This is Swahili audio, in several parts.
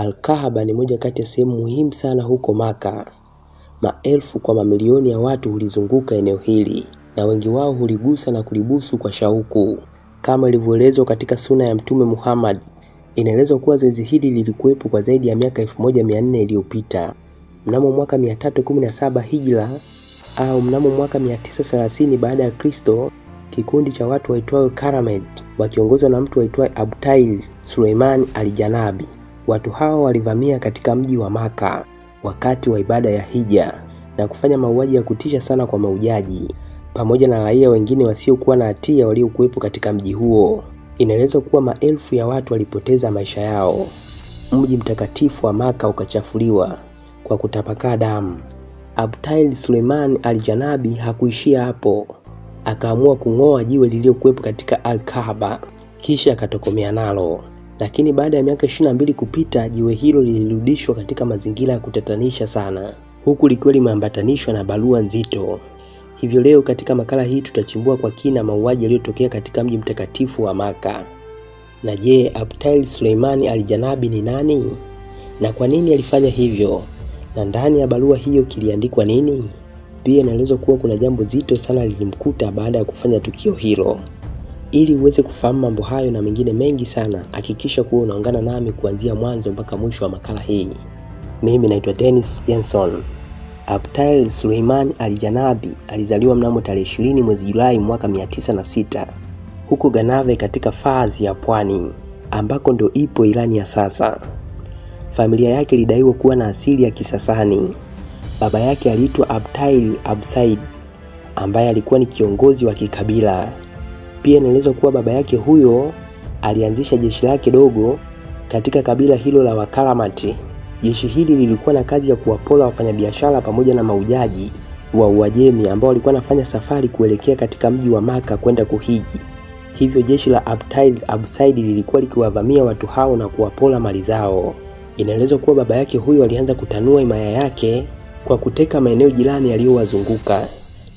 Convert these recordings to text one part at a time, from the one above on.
Al-Kaaba ni moja kati ya sehemu muhimu sana huko Maka. Maelfu kwa mamilioni ya watu hulizunguka eneo hili na wengi wao huligusa na kulibusu kwa shauku. Kama ilivyoelezwa katika suna ya Mtume Muhammad, inaelezwa kuwa zoezi hili lilikuwepo kwa zaidi ya miaka 1400 iliyopita. Mnamo mwaka 317 Hijra au mnamo mwaka 930 baada ya Kristo, kikundi cha watu waitwao Karamed wakiongozwa na mtu aitwaye Abtail Suleiman Aljanabi Watu hao walivamia katika mji wa Maka wakati wa ibada ya hija na kufanya mauaji ya kutisha sana kwa maujaji pamoja na raia wengine wasiokuwa na hatia waliokuwepo katika mji huo. Inaelezwa kuwa maelfu ya watu walipoteza maisha yao. Mji mtakatifu wa Maka ukachafuliwa kwa kutapakaa damu. Abtail Suleiman Aljanabi hakuishia hapo, akaamua kung'oa jiwe lililokuwepo katika alkaba kisha akatokomea nalo lakini baada ya miaka 22 kupita jiwe hilo lilirudishwa katika mazingira ya kutatanisha sana, huku likiwa limeambatanishwa na barua nzito. Hivyo leo katika makala hii tutachimbua kwa kina mauaji yaliyotokea katika mji mtakatifu wa Maka. Na je, Abtail Suleimani Aljanabi ni nani na kwa nini alifanya hivyo, na ndani ya barua hiyo kiliandikwa nini? Pia inaelezwa kuwa kuna jambo zito sana lilimkuta baada ya kufanya tukio hilo. Ili uweze kufahamu mambo hayo na mengine mengi sana, hakikisha kuwa unaungana nami kuanzia mwanzo mpaka mwisho wa makala hii. Mimi naitwa Dennis Jenson. Abtail Suleiman Aljanabi alizaliwa mnamo tarehe 20 mwezi Julai mwaka sita huko Ganave katika fazi ya Pwani ambako ndo ipo Irani ya sasa. Familia yake ilidaiwa kuwa na asili ya Kisasani. Baba yake aliitwa Abtail Absaid ambaye alikuwa ni kiongozi wa kikabila. Pia inaelezwa kuwa baba yake huyo alianzisha jeshi lake dogo katika kabila hilo la Wakalamati. Jeshi hili lilikuwa na kazi ya kuwapola wafanyabiashara pamoja na maujaji wa Uajemi ambao walikuwa wanafanya safari kuelekea katika mji wa Maka kwenda kuhiji. Hivyo jeshi la Abtail Absaid lilikuwa likiwavamia watu hao na kuwapola mali zao. Inaelezwa kuwa baba yake huyo alianza kutanua himaya yake kwa kuteka maeneo jirani yaliyowazunguka,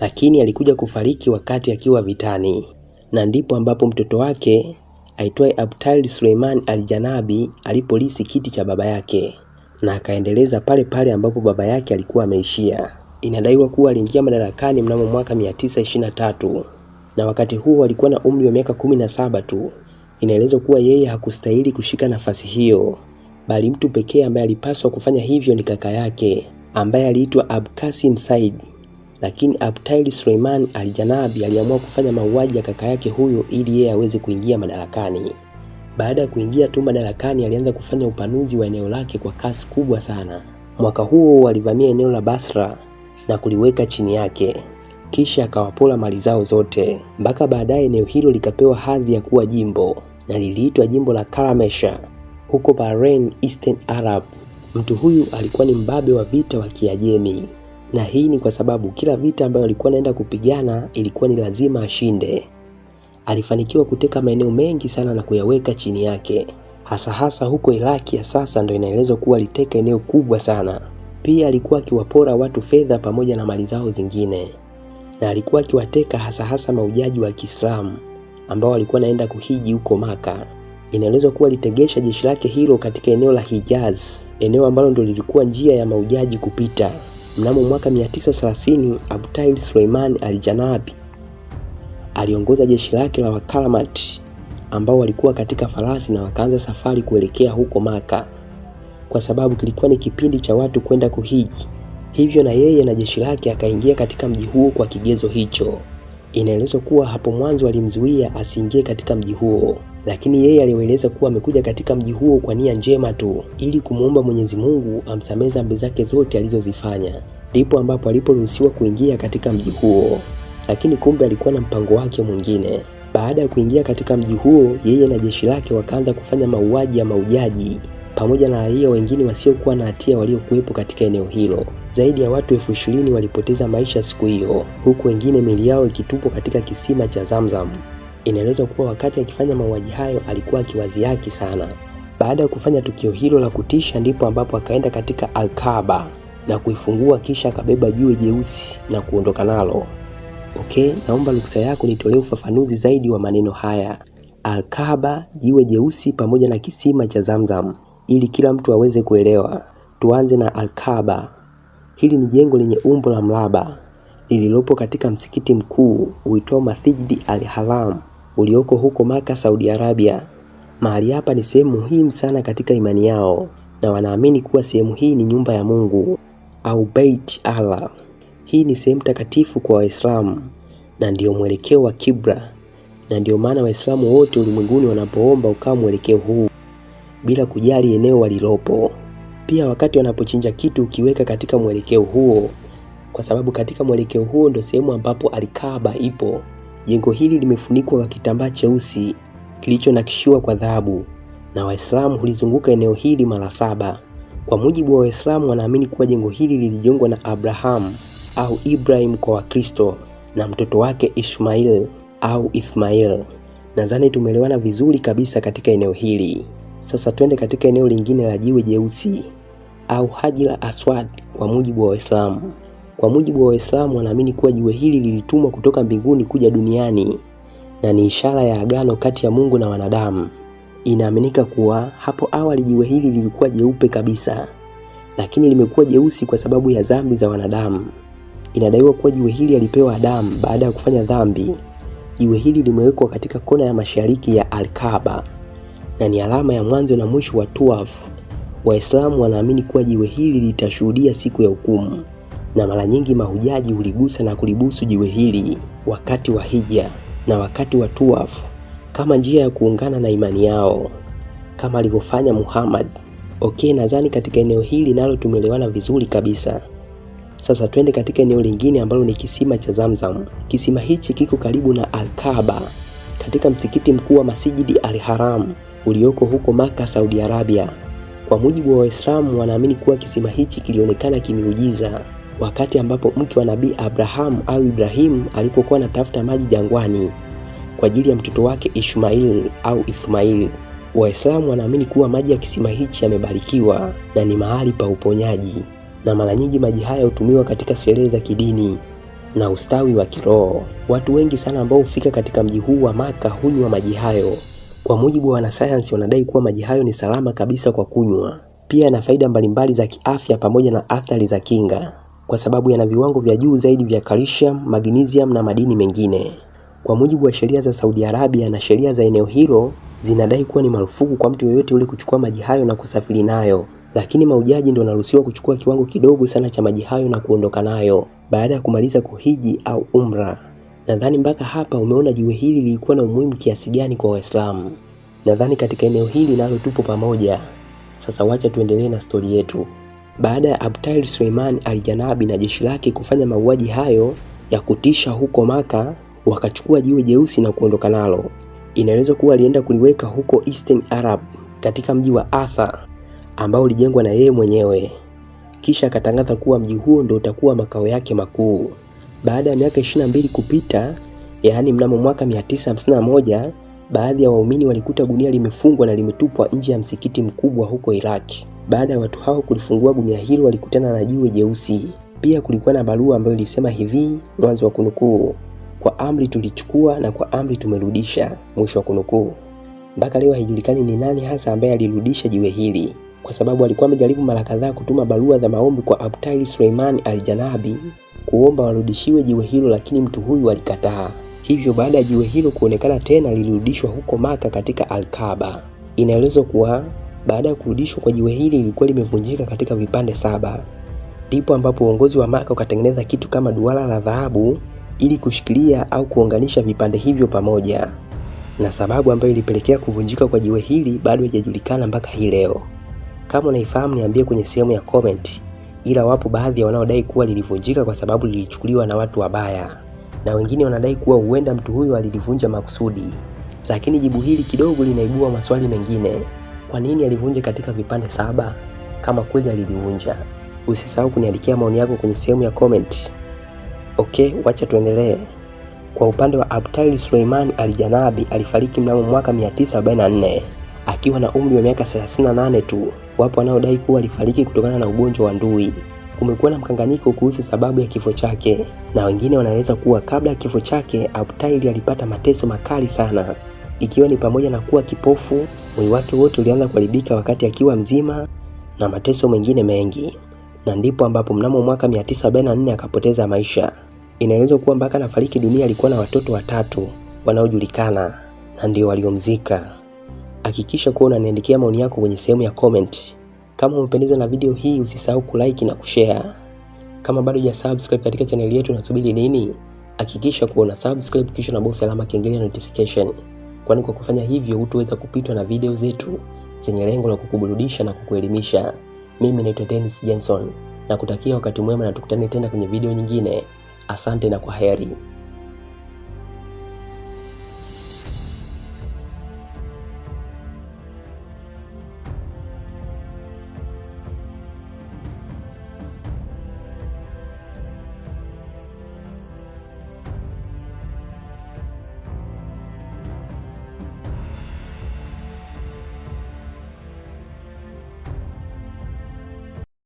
lakini alikuja kufariki wakati akiwa vitani na ndipo ambapo mtoto wake aitwaye Abtali Suleiman Aljanabi alipolisi kiti cha baba yake na akaendeleza pale pale ambapo baba yake alikuwa ameishia. Inadaiwa kuwa aliingia madarakani mnamo mwaka 923 na wakati huo alikuwa na umri wa miaka 17 tu. Inaelezwa kuwa yeye hakustahili kushika nafasi hiyo, bali mtu pekee ambaye alipaswa kufanya hivyo ni kaka yake ambaye aliitwa Abkasim Said lakini Abtail Suleiman aljanabi aliamua kufanya mauaji ya kaka yake huyo ili yeye aweze kuingia madarakani. Baada ya kuingia tu madarakani, alianza kufanya upanuzi wa eneo lake kwa kasi kubwa sana. Mwaka huo walivamia eneo la Basra na kuliweka chini yake, kisha akawapola mali zao zote, mpaka baadaye eneo hilo likapewa hadhi ya kuwa jimbo na liliitwa jimbo la Karamesha huko Bahrain, Eastern Arab. Mtu huyu alikuwa ni mbabe wa vita wa Kiajemi na hii ni kwa sababu kila vita ambayo alikuwa anaenda kupigana ilikuwa ni lazima ashinde. Alifanikiwa kuteka maeneo mengi sana na kuyaweka chini yake, hasa hasa huko Iraki ya sasa ndo inaelezwa kuwa aliteka eneo kubwa sana. Pia alikuwa akiwapora watu fedha pamoja na mali zao zingine, na alikuwa akiwateka hasa hasa maujaji wa Kiislamu ambao walikuwa naenda kuhiji huko Maka. Inaelezwa kuwa alitegesha jeshi lake hilo katika eneo la Hijaz, eneo ambalo ndo lilikuwa njia ya maujaji kupita. Mnamo mwaka 930 abtail Suleiman aljanabi aliongoza jeshi lake la Wakalamat ambao walikuwa katika farasi na wakaanza safari kuelekea huko Maka, kwa sababu kilikuwa ni kipindi cha watu kwenda kuhiji. Hivyo na yeye na jeshi lake akaingia katika mji huo kwa kigezo hicho. Inaelezwa kuwa hapo mwanzo alimzuia asiingie katika mji huo, lakini yeye aliweleza kuwa amekuja katika mji huo kwa nia njema tu ili kumwomba Mwenyezi Mungu amsamehe dhambi zake zote alizozifanya. Ndipo ambapo aliporuhusiwa kuingia katika mji huo, lakini kumbe alikuwa na mpango wake mwingine. Baada ya kuingia katika mji huo, yeye na jeshi lake wakaanza kufanya mauaji ya maujaji pamoja na raia wengine wasiokuwa na hatia waliokuwepo katika eneo hilo. Zaidi ya watu elfu ishirini walipoteza maisha siku hiyo, huku wengine miili yao ikitupwa katika kisima cha Zamzam. Inaelezwa kuwa wakati akifanya mauaji hayo alikuwa akiwaziaki sana. Baada ya kufanya tukio hilo la kutisha, ndipo ambapo akaenda katika Alkaba na kuifungua, kisha akabeba jiwe jeusi na kuondoka nalo. Okay, naomba ruksa yako nitolee ufafanuzi zaidi wa maneno haya: Alkaba, jiwe jeusi pamoja na kisima cha Zamzam ili kila mtu aweze kuelewa. Tuanze na Alkaba. Hili ni jengo lenye umbo la mraba lililopo katika msikiti mkuu uitwao Masjid Al-Haram ulioko huko Maka, Saudi Arabia. Mahali hapa ni sehemu muhimu sana katika imani yao na wanaamini kuwa sehemu hii ni nyumba ya Mungu au Bait Allah. Hii ni sehemu takatifu kwa Waislamu na ndiyo mwelekeo wa kibla, na ndiyo maana Waislamu wote ulimwenguni wanapoomba ukawa mwelekeo huu bila kujali eneo walilopo. Pia wakati wanapochinja kitu ukiweka katika mwelekeo huo, kwa sababu katika mwelekeo huo ndio sehemu ambapo alikaba ipo. Jengo hili limefunikwa kwa kitambaa cheusi kilichonakishiwa kwa dhahabu na Waislamu hulizunguka eneo hili mara saba. Kwa mujibu wa Waislamu, wanaamini kuwa jengo hili lilijengwa na Abrahamu au Ibrahim kwa Wakristo na mtoto wake Ishmail au Ithmail. Nadhani tumeelewana vizuri kabisa katika eneo hili. Sasa twende katika eneo lingine la jiwe jeusi au Hajira Aswad kwa mujibu wa Waislamu. Kwa mujibu wa Waislamu wanaamini kuwa jiwe hili lilitumwa kutoka mbinguni kuja duniani na ni ishara ya agano kati ya Mungu na wanadamu. Inaaminika kuwa hapo awali jiwe hili lilikuwa jeupe kabisa, lakini limekuwa jeusi kwa sababu ya dhambi za wanadamu. Inadaiwa kuwa jiwe hili alipewa Adamu baada ya kufanya dhambi. Jiwe hili limewekwa katika kona ya mashariki ya Al-Kaaba na ni alama ya mwanzo na mwisho wa tuaf Waislamu wanaamini kuwa jiwe hili litashuhudia siku ya hukumu, na mara nyingi mahujaji huligusa na kulibusu jiwe hili wakati wa hija na wakati wa tuaf kama njia ya kuungana na imani yao kama alivyofanya Muhammad. Okay, nadhani katika eneo hili nalo tumeelewana vizuri kabisa. Sasa twende katika eneo lingine ambalo ni kisima cha Zamzam. Kisima hichi kiko karibu na Al-Kaaba katika msikiti mkuu wa Masjidi Al-Haram ulioko huko Maka, Saudi Arabia. Kwa mujibu wa Waislamu, wanaamini kuwa kisima hichi kilionekana kimiujiza wakati ambapo mke wa Nabii Abrahamu au Ibrahimu alipokuwa anatafuta maji jangwani kwa ajili ya mtoto wake Ishmail au Ismail. Waislamu wanaamini kuwa maji ya kisima hichi yamebarikiwa na ni mahali pa uponyaji, na mara nyingi maji haya hutumiwa katika sherehe za kidini na ustawi wa kiroho. Watu wengi sana ambao hufika katika mji huu wa Maka hunywa maji hayo. Kwa mujibu wa wanasayansi, wanadai kuwa maji hayo ni salama kabisa kwa kunywa. Pia yana faida mbalimbali za kiafya pamoja na athari za kinga, kwa sababu yana viwango vya juu zaidi vya calcium, magnesium na madini mengine. Kwa mujibu wa sheria za Saudi Arabia na sheria za eneo hilo, zinadai kuwa ni marufuku kwa mtu yoyote yule kuchukua maji hayo na kusafiri nayo, lakini maujaji ndio wanaruhusiwa kuchukua kiwango kidogo sana cha maji hayo na kuondoka nayo baada ya kumaliza kuhiji au umra. Nadhani mpaka hapa umeona jiwe hili lilikuwa na umuhimu kiasi gani kwa Waislamu. Nadhani katika eneo hili nalo tupo pamoja. Sasa wacha tuendelee na stori yetu. Baada ya Abtair Suleiman Aljanabi na jeshi lake kufanya mauaji hayo ya kutisha huko Maka, wakachukua jiwe jeusi na kuondoka nalo. Inaelezwa kuwa alienda kuliweka huko Eastern Arab katika mji wa Arthur ambao ulijengwa na yeye mwenyewe, kisha akatangaza kuwa mji huo ndio utakuwa makao yake makuu. Baada ya miaka 22 kupita, yaani mnamo mwaka 951, baadhi ya waumini walikuta gunia limefungwa na limetupwa nje ya msikiti mkubwa huko Iraki. Baada ya watu hao kulifungua gunia hilo, walikutana na jiwe jeusi. Pia kulikuwa na barua ambayo ilisema hivi, mwanzo wa kunukuu, kwa amri tulichukua na kwa amri tumerudisha, mwisho wa kunukuu. Mpaka leo haijulikani ni nani hasa ambaye alirudisha jiwe hili, kwa sababu alikuwa amejaribu mara kadhaa kutuma barua za maombi kwa Abtali Suleiman aljanabi kuomba warudishiwe jiwe hilo, lakini mtu huyu alikataa. Hivyo baada ya jiwe hilo kuonekana tena, lilirudishwa huko Maka katika Alkaba. Inaelezwa kuwa baada ya kurudishwa kwa jiwe hili lilikuwa limevunjika katika vipande saba. Ndipo ambapo uongozi wa Maka ukatengeneza kitu kama duara la dhahabu ili kushikilia au kuunganisha vipande hivyo pamoja, na sababu ambayo ilipelekea kuvunjika kwa jiwe hili bado haijajulikana mpaka hii leo. Kama unaifahamu, niambie kwenye sehemu ya comment ila wapo baadhi ya wanaodai kuwa lilivunjika kwa sababu lilichukuliwa na watu wabaya, na wengine wanadai kuwa huenda mtu huyo alilivunja makusudi. Lakini jibu hili kidogo linaibua maswali mengine. Kwa nini alivunja katika vipande saba kama kweli alilivunja? Usisahau kuniandikia maoni yako kwenye sehemu ya comment. Okay, wacha tuendelee. Kwa upande wa Abtail Suleiman Aljanabi alifariki mnamo mwaka 1944 akiwa na umri wa miaka 38 tu wapo wanaodai kuwa alifariki kutokana na ugonjwa wa ndui. Kumekuwa na mkanganyiko kuhusu sababu ya kifo chake, na wengine wanaeleza kuwa kabla ya kifo chake Abtaili alipata mateso makali sana, ikiwa ni pamoja na kuwa kipofu, mwili wake wote ulianza kuharibika wakati akiwa mzima na mateso mengine mengi, na ndipo ambapo mnamo mwaka 944 akapoteza maisha. Inaelezwa kuwa mpaka anafariki dunia alikuwa na watoto watatu wanaojulikana na ndio waliomzika. Hakikisha kuwa unaniandikia maoni yako kwenye sehemu ya comment. Kama umependezwa na video hii, usisahau kulike na kushare. Kama bado hujasubscribe katika chaneli yetu, unasubiri nini? Hakikisha kuwa una subscribe kisha unabofya alama kengele ya notification, kwani kwa kufanya hivyo hutaweza kupitwa na video zetu zenye lengo la kukuburudisha na kukuelimisha. Mimi naitwa Dennis Jenson na kutakia wakati mwema, na tukutane tena kwenye video nyingine. Asante na kwa heri.